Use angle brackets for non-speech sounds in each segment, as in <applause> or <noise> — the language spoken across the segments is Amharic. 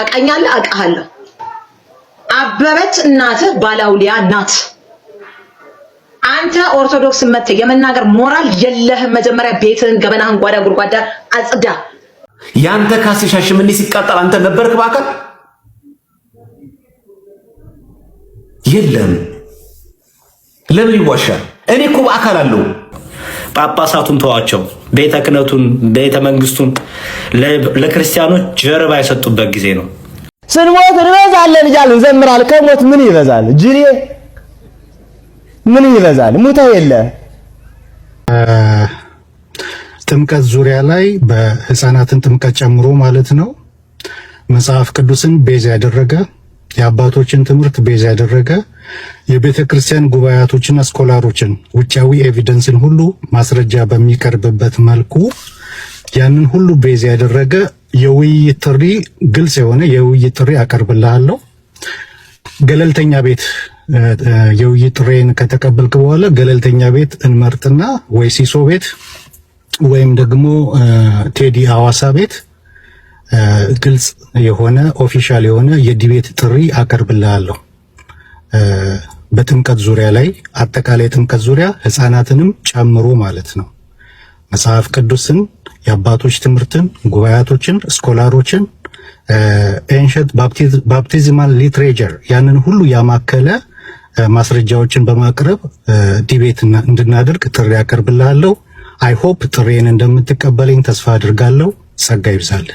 ታውቃኛለህ፣ አውቃሃለሁ። አበበች እናትህ ባላውሊያ ናት። አንተ ኦርቶዶክስ መተህ የመናገር ሞራል የለህም። መጀመሪያ ቤትህን፣ ገበናህን፣ ጓዳ ጉድጓዳ አጽዳ። ያንተ ካሴ ሻሸመኔ ሲቃጠል አንተ ነበርክ በአካል የለም። ለምን ይዋሻል? እኔ እኮ በአካል አለው። ጳጳሳቱን ተዋቸው፣ ቤተ ክህነቱን፣ ቤተ መንግስቱን ለክርስቲያኖች ጀርባ የሰጡበት ጊዜ ነው። ስንሞት እንበዛለን እያልን እንዘምራለን። ከሞት ምን ይበዛል? ጅሬ ምን ይበዛል? ሙታ የለ ጥምቀት ዙሪያ ላይ በህፃናትን ጥምቀት ጨምሮ ማለት ነው መጽሐፍ ቅዱስን ቤዝ ያደረገ የአባቶችን ትምህርት ቤዝ ያደረገ የቤተ ክርስቲያን ጉባኤያቶችና ስኮላሮችን ውጫዊ ኤቪደንስን ሁሉ ማስረጃ በሚቀርብበት መልኩ ያንን ሁሉ ቤዝ ያደረገ የውይይት ጥሪ ግልጽ የሆነ የውይይት ጥሪ አቀርብልሃለሁ። ገለልተኛ ቤት የውይይት ጥሬን ከተቀበልክ በኋላ ገለልተኛ ቤት እንመርጥና ወይ ሲሶ ቤት ወይም ደግሞ ቴዲ አዋሳ ቤት ግልጽ የሆነ ኦፊሻል የሆነ የዲቤት ጥሪ አቀርብልሃለሁ። በጥምቀት ዙሪያ ላይ አጠቃላይ ጥምቀት ዙሪያ ህፃናትንም ጨምሮ ማለት ነው። መጽሐፍ ቅዱስን፣ የአባቶች ትምህርትን፣ ጉባኤያቶችን፣ ስኮላሮችን፣ ኤንሸንት ባፕቲዝማል ሊትሬቸር ያንን ሁሉ ያማከለ ማስረጃዎችን በማቅረብ ዲቤት እንድናደርግ ጥሪ አቀርብልሃለሁ። አይሆፕ ጥሬን እንደምትቀበለኝ ተስፋ አድርጋለሁ። ጸጋ ይብዛል።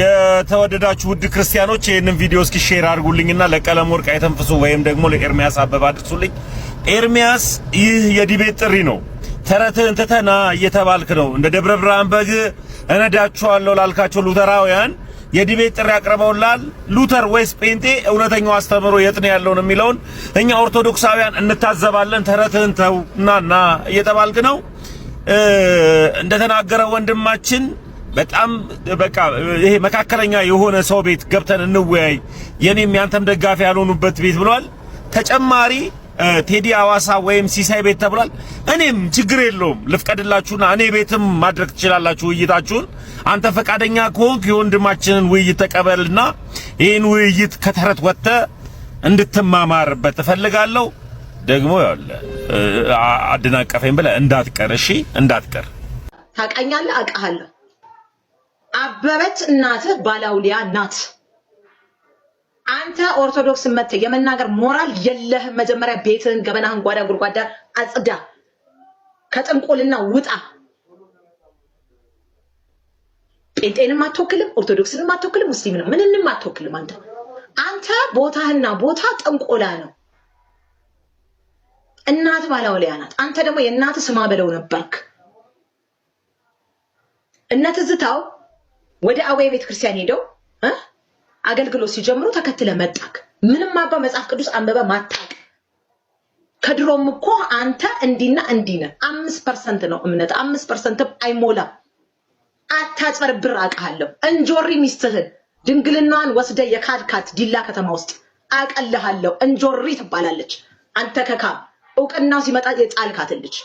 የተወደዳችሁ ውድ ክርስቲያኖች ይህንን ቪዲዮ እስኪ ሼር አድርጉልኝና ለቀለም ወርቅ አይተንፍሱ ወይም ደግሞ ለኤርሚያስ አበባ አድርሱልኝ። ኤርሚያስ ይህ የዲቤት ጥሪ ነው። ተረትህን ትተና እየተባልክ ነው። እንደ ደብረ ብርሃን በግ እነዳችኋለሁ ላልካቸው ሉተራውያን የዲቤት ጥሪ አቅርበውላል። ሉተር ወይስ ጴንጤ እውነተኛው አስተምሮ የት ነው ያለውን የሚለውን እኛ ኦርቶዶክሳውያን እንታዘባለን። ተረትህን ና እየተባልክ ነው እንደተናገረ ወንድማችን በጣም በቃ ይሄ መካከለኛ የሆነ ሰው ቤት ገብተን እንወያይ፣ የኔም ያንተም ደጋፊ ያልሆኑበት ቤት ብሏል። ተጨማሪ ቴዲ አዋሳ ወይም ሲሳይ ቤት ተብሏል። እኔም ችግር የለውም ልፍቀድላችሁና እኔ ቤትም ማድረግ ትችላላችሁ ውይይታችሁን። አንተ ፈቃደኛ ከሆንክ የወንድማችንን ውይይት ተቀበልና ይህን ውይይት ከተረት ወጥተ እንድትማማርበት እፈልጋለሁ። ደግሞ ያለ አደናቀፈኝ ብለህ እንዳትቀር፣ እሺ እንዳትቀር። ታውቃኛለህ፣ አቀሃለሁ አበበች እናትህ ባላውሊያ ናት። አንተ ኦርቶዶክስ መተ የመናገር ሞራል የለህም። መጀመሪያ ቤትህን፣ ገበናህን፣ ጓዳ ጉድጓዳ አጽዳ፣ ከጥንቁልና ውጣ። ጴንጤንም አትወክልም፣ ኦርቶዶክስንም አትወክልም፣ ሙስሊምንም ምንንም አትወክልም። አንተ አንተ ቦታህና ቦታ ጥንቆላ ነው። እናት ባላውሊያ ናት። አንተ ደግሞ የእናት ስማ በለው ነበርክ እነ ትዝታው ወደ ቤተ ቤተክርስቲያን ሄደው አገልግሎት ሲጀምሩ ተከትለ መጣክ። ምንም አባ መጽሐፍ ቅዱስ አንበበ ማታቅ። ከድሮም እኮ አንተ እንዲና እንዲነ አምስት ፐርሰንት ነው እምነት አምስት ፐርሰንት አይሞላም። አታጸር ብር አውቃለሁ። እንጆሪ ሚስትህን ድንግልናዋን ወስደ የካድካት ዲላ ከተማ ውስጥ አቀልሃለሁ። እንጆሪ ትባላለች። አንተ ከካ እውቅናው ሲመጣ የጻልካትልች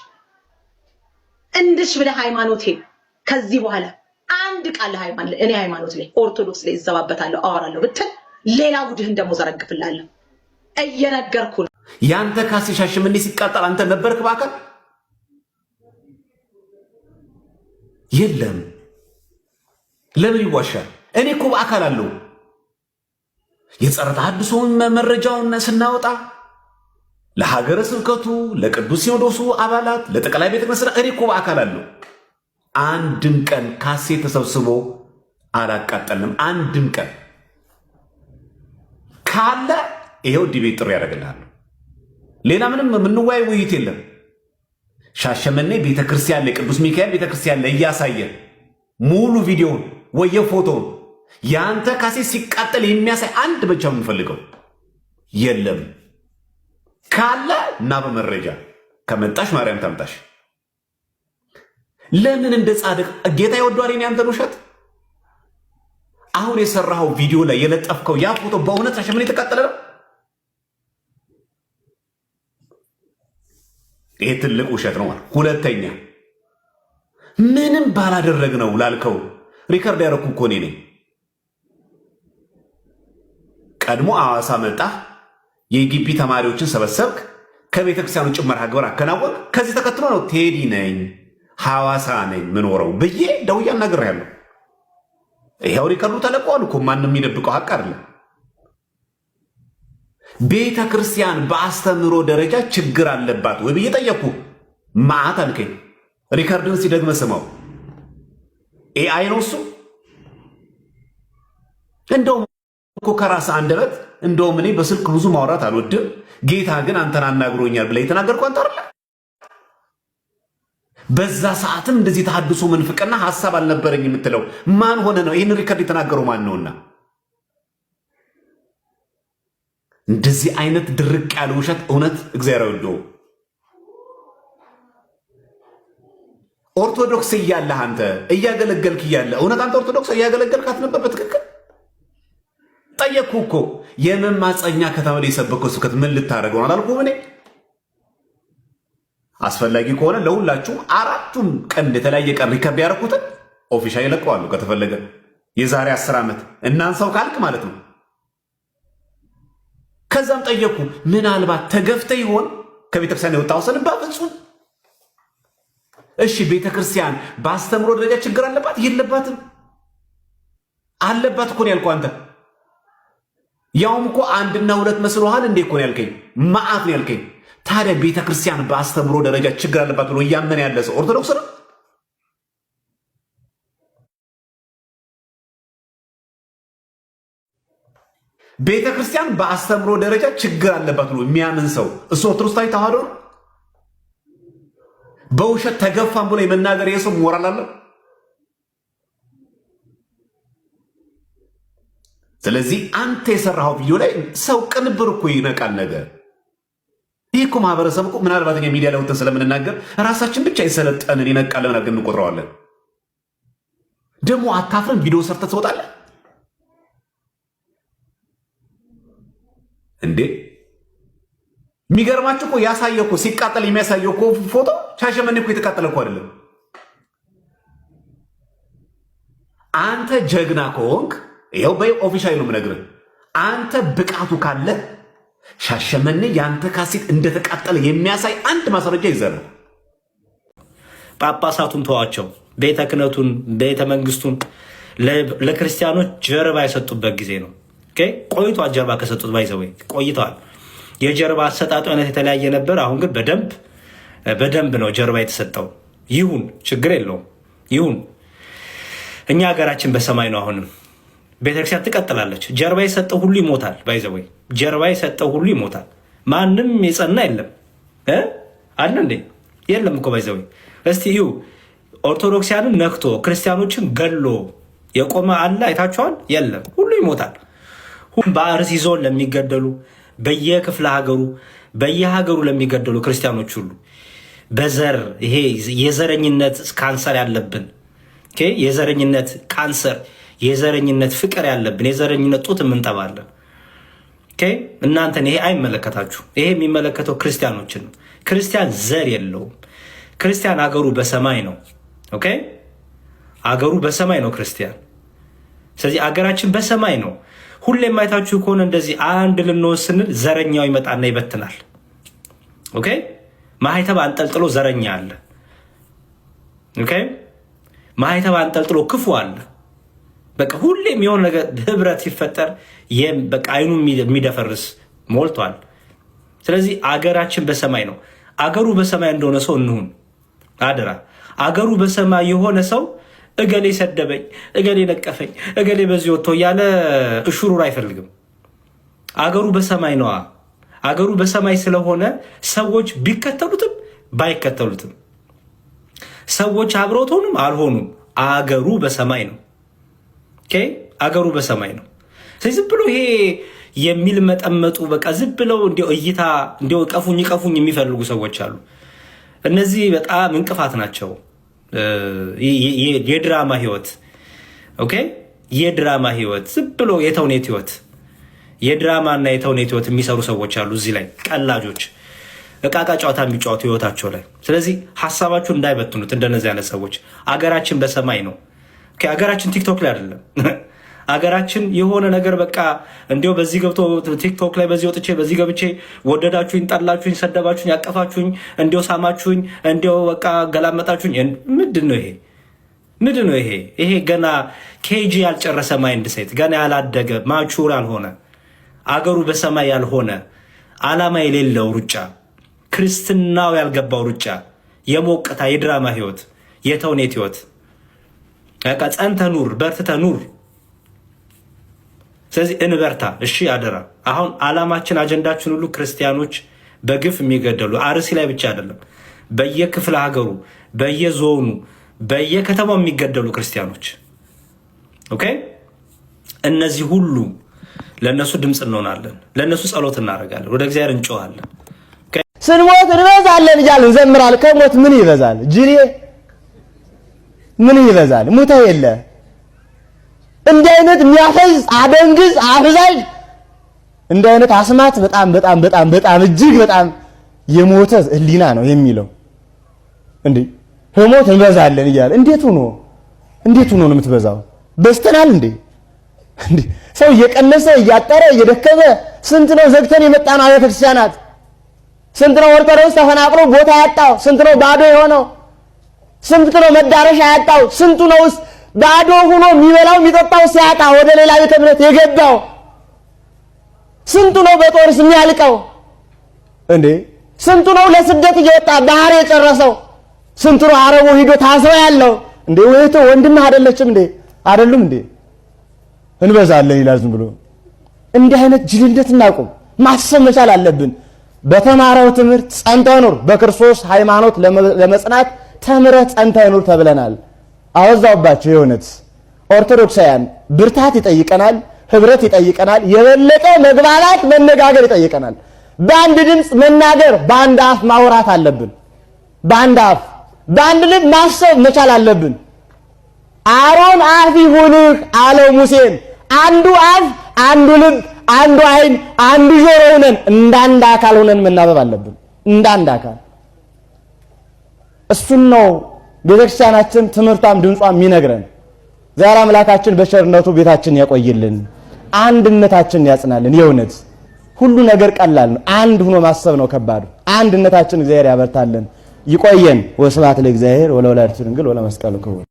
እንድሽ ብለ ሃይማኖቴ ከዚህ በኋላ አንድ ቃል እኔ ሃይማኖት ላይ ኦርቶዶክስ ላይ ይዘባበታለሁ አወራለሁ ብትል ሌላ ጉድህን ደግሞ ዘረግፍላለሁ። እየነገርኩ ነው። ያንተ ካሴ ሻሸመኔ ሲቃጠል አንተ ነበርክ በአካል የለም። ለምን ይዋሻል? እኔ እኮ በአካል አለው የጸረ ተሐድሶውን መረጃውን ስናወጣ ለሀገረ ስብከቱ፣ ለቅዱስ ሲኖዶሱ አባላት፣ ለጠቅላይ ቤተ ክህነት እኔ እኮ በአካል አለው። አንድም ቀን ካሴ ተሰብስቦ አላቃጠልንም። አንድም ቀን ካለ ይኸው ዲቤት ጥሩ ያደርግልሃል። ሌላ ምንም የምንወያይ ውይይት የለም። ሻሸመኔ ቤተክርስቲያን ላይ ቅዱስ ሚካኤል ቤተክርስቲያን ላይ እያሳየ ሙሉ ቪዲዮውን ወየ ፎቶውን የአንተ ካሴ ሲቃጠል የሚያሳይ አንድ ብቻ የምንፈልገው የለም። ካለ እና በመረጃ ከመጣሽ ማርያም ታምጣሽ። ለምን እንደ ጻድቅ ጌታ ይወዷል ያንተን ውሸት አሁን የሰራኸው ቪዲዮ ላይ የለጠፍከው ያ ፎቶ በእውነት ሸምን የተቃጠለ ነው። ይሄ ትልቅ ውሸት ነው። ሁለተኛ ምንም ባላደረግ ነው ላልከው ሪከርድ ያደረኩ እኮ እኔ ነኝ። ቀድሞ አዋሳ መጣ፣ የግቢ ተማሪዎችን ሰበሰብክ፣ ከቤተክርስቲያኑ ጭመራ ግብር አከናወንክ። ከዚህ ተከትሎ ነው ቴዲ ነኝ ሐዋሳ ነኝ ምኖረው ብዬ ደውዬ አናግሬያለሁ። ይኸው ሪከርዱ ተለቀዋል እኮ ማንም የሚደብቀው ሀቅ አይደለም። ቤተ ክርስቲያን በአስተምህሮ ደረጃ ችግር አለባት ወይ ብዬ ጠየቅኩ። ማአት አልከኝ። ሪከርድን ሲደግመ ስማው ኤአይ ነው እሱ። እንደውም እኮ ከራስ አንደበት እንደውም እኔ በስልክ ብዙ ማውራት አልወድም፣ ጌታ ግን አንተን አናግሮኛል ብለህ የተናገርኩ አንተ አይደለ በዛ ሰዓትም እንደዚህ ተሐድሶ መንፍቅና ሀሳብ አልነበረኝ የምትለው ማን ሆነ ነው? ይህን ሪከርድ የተናገረው ማን ነውና? እንደዚህ አይነት ድርቅ ያለ ውሸት እውነት እግዚአብሔር ወዶ ኦርቶዶክስ እያለህ አንተ እያገለገልክ እያለ እውነት አንተ ኦርቶዶክስ እያገለገልክ አትነበር? በትክክል ጠየቅኩ እኮ የመማፀኛ ከተማ ላይ የሰበከው ስብከት ምን ልታደርገው አላልኩም እኔ አስፈላጊ ከሆነ ለሁላችሁም አራቱም ቀን የተለያየ ቀን ሪከርድ ያደረኩትን ኦፊሻ ይለቀዋሉ። ከተፈለገ የዛሬ አስር ዓመት እናንሳው ካልክ ማለት ነው። ከዛም ጠየኩ፣ ምናልባት ተገፍተ ይሆን ከቤተክርስቲያን የወጣ ወሰን? እሺ። ቤተክርስቲያን በአስተምሮ ደረጃ ችግር አለባት? የለባትም። አለባት እኮ ነው ያልኩህ አንተ። ያውም እኮ አንድና ሁለት መስሎሃል እንዴ እኮ ነው ያልከኝ። መዓት ነው ያልከኝ። ታዲያ ቤተ ክርስቲያን በአስተምሮ ደረጃ ችግር አለባት ብሎ እያመን ያለ ሰው ኦርቶዶክስ ነው። ቤተ ክርስቲያን በአስተምሮ ደረጃ ችግር አለባት ብሎ የሚያምን ሰው እሱ ኦርቶዶክሳዊ ተዋህዶ ነው። በውሸት ተገፋም ብሎ የመናገር የሰው ሞራል ስለዚህ አንተ የሰራኸው ቪዲዮ ላይ ሰው ቅንብር እኮ ይነቃል ነገር ይህ እኮ ማህበረሰብ እኮ ምናልባት ሚዲያ ላይ ስለምንናገር ራሳችን ብቻ የሰለጠንን የነቃለን ነገር እንቆጥረዋለን። ደግሞ አታፍረን ቪዲዮ ሰርተ ትወጣለህ እንዴ? የሚገርማችሁ እኮ ያሳየ እኮ ሲቃጠል የሚያሳየው እኮ ፎቶ ሻሸመኔ እኮ የተቃጠለ እኮ አይደለም። አንተ ጀግና ከሆንክ ይኸው በይ ኦፊሻል ነው የምነግርህ። አንተ ብቃቱ ካለ ሻሸመኔ የአንተ ካሴት እንደተቃጠለ የሚያሳይ አንድ ማስረጃ ይዘናል። ጳጳሳቱን ተዋቸው፣ ቤተ ክህነቱን፣ ቤተ መንግስቱን ለክርስቲያኖች ጀርባ የሰጡበት ጊዜ ነው። ቆይቷል። ጀርባ ከሰጡት ባይዘወ ቆይተዋል። የጀርባ አሰጣጡ አይነት የተለያየ ነበር። አሁን ግን በደንብ በደንብ ነው ጀርባ የተሰጠው። ይሁን፣ ችግር የለውም ይሁን። እኛ ሀገራችን በሰማይ ነው አሁንም ቤተክርስቲያን ትቀጥላለች። ጀርባ የሰጠው ሁሉ ይሞታል። ባይዘወይ ጀርባ የሰጠው ሁሉ ይሞታል። ማንም የጸና የለም አለ እንዴ? የለም እኮ ባይዘወይ። እስቲ ይሁ ኦርቶዶክሲያንን ነክቶ ክርስቲያኖችን ገሎ የቆመ አለ አይታችኋል? የለም። ሁሉ ይሞታል። በአርሲ ዞን ለሚገደሉ በየክፍለ ሀገሩ በየሀገሩ ለሚገደሉ ክርስቲያኖች ሁሉ በዘር ይሄ የዘረኝነት ካንሰር ያለብን የዘረኝነት ካንሰር የዘረኝነት ፍቅር ያለብን የዘረኝነት ጡት የምንጠባለን። እናንተን ይሄ አይመለከታችሁ። ይሄ የሚመለከተው ክርስቲያኖችን ነው። ክርስቲያን ዘር የለውም። ክርስቲያን አገሩ በሰማይ ነው። ኦኬ አገሩ በሰማይ ነው ክርስቲያን። ስለዚህ አገራችን በሰማይ ነው። ሁሌ የማይታችሁ ከሆነ እንደዚህ አንድ ልንወስድ ስንል ዘረኛው ይመጣና ይበትናል። ኦኬ ማህተብ አንጠልጥሎ ዘረኛ አለ። ኦኬ ማህተብ አንጠልጥሎ ክፉ አለ። በቃ ሁሌም የሆነ ነገር ህብረት ሲፈጠር በቃ አይኑ የሚደፈርስ ሞልቷል። ስለዚህ አገራችን በሰማይ ነው። አገሩ በሰማይ እንደሆነ ሰው እንሁን አደራ። አገሩ በሰማይ የሆነ ሰው እገሌ ሰደበኝ፣ እገሌ ነቀፈኝ፣ እገሌ በዚህ ወጥቶ እያለ እሹሩር አይፈልግም። አገሩ በሰማይ ነዋ። አገሩ በሰማይ ስለሆነ ሰዎች ቢከተሉትም ባይከተሉትም ሰዎች አብረውት ሆኑም አልሆኑም አገሩ በሰማይ ነው። አገሩ በሰማይ ነው። ስለዚህ ዝም ብሎ ይሄ የሚል መጠመጡ በቃ ዝም ብለው እንዲ እይታ እንዲ ቀፉኝ ቀፉኝ የሚፈልጉ ሰዎች አሉ። እነዚህ በጣም እንቅፋት ናቸው። የድራማ ህይወት ኦኬ፣ የድራማ ህይወት ዝም ብሎ የተውኔት ህይወት፣ የድራማ እና የተውኔት ህይወት የሚሰሩ ሰዎች አሉ። እዚህ ላይ ቀላጆች እቃቃ ጨዋታ የሚጫወቱ ህይወታቸው ላይ። ስለዚህ ሀሳባችሁ እንዳይበትኑት እንደነዚህ አይነት ሰዎች። አገራችን በሰማይ ነው። ሀገራችን ቲክቶክ ላይ አይደለም። አገራችን <laughs> የሆነ ነገር በቃ እንዲ በዚህ ገብቶ ቲክቶክ ላይ በዚህ ወጥቼ በዚህ ገብቼ ወደዳችሁኝ፣ ጠላችሁኝ፣ ሰደባችሁኝ፣ ያቀፋችሁኝ፣ እንዲ ሳማችሁኝ፣ እንዲ በቃ ገላመጣችሁኝ። ምንድን ነው ይሄ? ምንድን ነው ይሄ? ይሄ ገና ኬጂ ያልጨረሰ ማይንድ ሴት፣ ገና ያላደገ ማቹር ያልሆነ አገሩ በሰማይ ያልሆነ አላማ የሌለው ሩጫ፣ ክርስትናው ያልገባው ሩጫ፣ የሞቅታ የድራማ ህይወት፣ የተውኔት ህይወት በቃ ጸንተ ኑር፣ በርትተ ኑር። ስለዚህ እንበርታ። እሺ አደራ። አሁን አላማችን አጀንዳችን ሁሉ ክርስቲያኖች በግፍ የሚገደሉ አርሲ ላይ ብቻ አይደለም፣ በየክፍለ ሀገሩ፣ በየዞኑ፣ በየከተማው የሚገደሉ ክርስቲያኖች ኦኬ። እነዚህ ሁሉ ለእነሱ ድምፅ እንሆናለን፣ ለእነሱ ጸሎት እናደርጋለን፣ ወደ እግዚአብሔር እንጮሃለን። ስንሞት እንበዛለን እያልን ዘምራል። ከሞት ምን ይበዛል ጅሬ ምን ይበዛል? ሙታ የለ እንዲህ አይነት የሚያፈዝ አደንግዝ አፍዛዥ እንዲህ አይነት አስማት በጣም በጣም በጣም በጣም እጅግ በጣም የሞተ ህሊና ነው የሚለው። እንዴ ህሞት እንበዛለን እያለ እንዴት ሆኖ እንዴት ሆኖ ነው የምትበዛው? በዝተናል እንዴ እንዴ! ሰው እየቀነሰ እያጠረ እየደከመ ስንት ነው ዘግተን የመጣ ነው አብያተ ክርስቲያናት ስንት ነው ኦርቶዶክስ ተፈናቅሎ ቦታ ያጣው ስንት ነው ባዶ የሆነው ስንት ነው መዳረሻ ያጣው? ስንቱ ነውስ ባዶ ሆኖ የሚበላው የሚጠጣው ሲያጣ ወደ ሌላ ቤተ እምነት የገባው? ስንቱ ነው በጦርስ የሚያልቀው? እንዴ ስንቱ ነው ለስደት እየወጣ ባህር የጨረሰው? ስንቱ ነው አረቡ ሂዶ ታስሮ ያለው? እንዴ ወይቶ ወንድም አይደለችም እንዴ አይደሉም እንዴ እንበዛለን ይላል ዝም ብሎ። እንዲህ አይነት ጅልነት እናቁም፣ ማሰብ መቻል አለብን። በተማረው ትምህርት ጸንተህ ኑር። በክርስቶስ ሃይማኖት ለመጽናት ተምረህ ጸንተህ ኑር ተብለናል። አወዛውባቸው የእውነት ኦርቶዶክሳውያን ብርታት ይጠይቀናል፣ ህብረት ይጠይቀናል፣ የበለጠ መግባባት መነጋገር ይጠይቀናል። በአንድ ድምፅ መናገር፣ በአንድ አፍ ማውራት አለብን። በአንድ አፍ በአንድ ልብ ማሰብ መቻል አለብን። አሮን አፍ ይሁንህ አለው ሙሴን። አንዱ አፍ፣ አንዱ ልብ፣ አንዱ አይን፣ አንዱ ጆሮ ሆነን እንዳንድ አካል ሆነን መናበብ አለብን እንዳንድ አካል እሱን ነው ቤተክርስቲያናችን ትምህርቷም ድምጿ ይነግረን። ዛሬ አምላካችን በቸርነቱ ቤታችን ያቆይልን፣ አንድነታችን ያጽናልን። የእውነት ሁሉ ነገር ቀላል ነው፣ አንድ ሆኖ ማሰብ ነው ከባዱ። አንድነታችን እግዚአብሔር ያበርታልን፣ ይቆየን። ወስብሐት ለእግዚአብሔር ወለወላዲቱ ድንግል ወለመስቀሉ ክቡር